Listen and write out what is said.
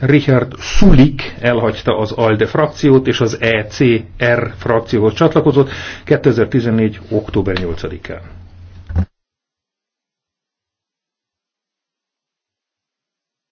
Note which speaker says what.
Speaker 1: Richard Sulik
Speaker 2: elhagyta az ALDE frakciót, és az ECR frakcióhoz csatlakozott 2014. október 8-án.